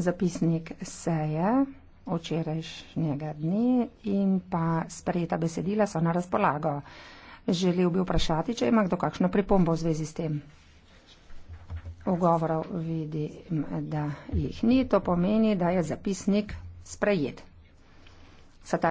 zapisnik seje včerajšnjega dne in pa sprejeta besedila so na razpolago. Želel bi vprašati, če ima kdo kakšno pripombo v zvezi s tem. Ugovorov vidim, da jih ni. To pomeni, da je zapisnik sprejet.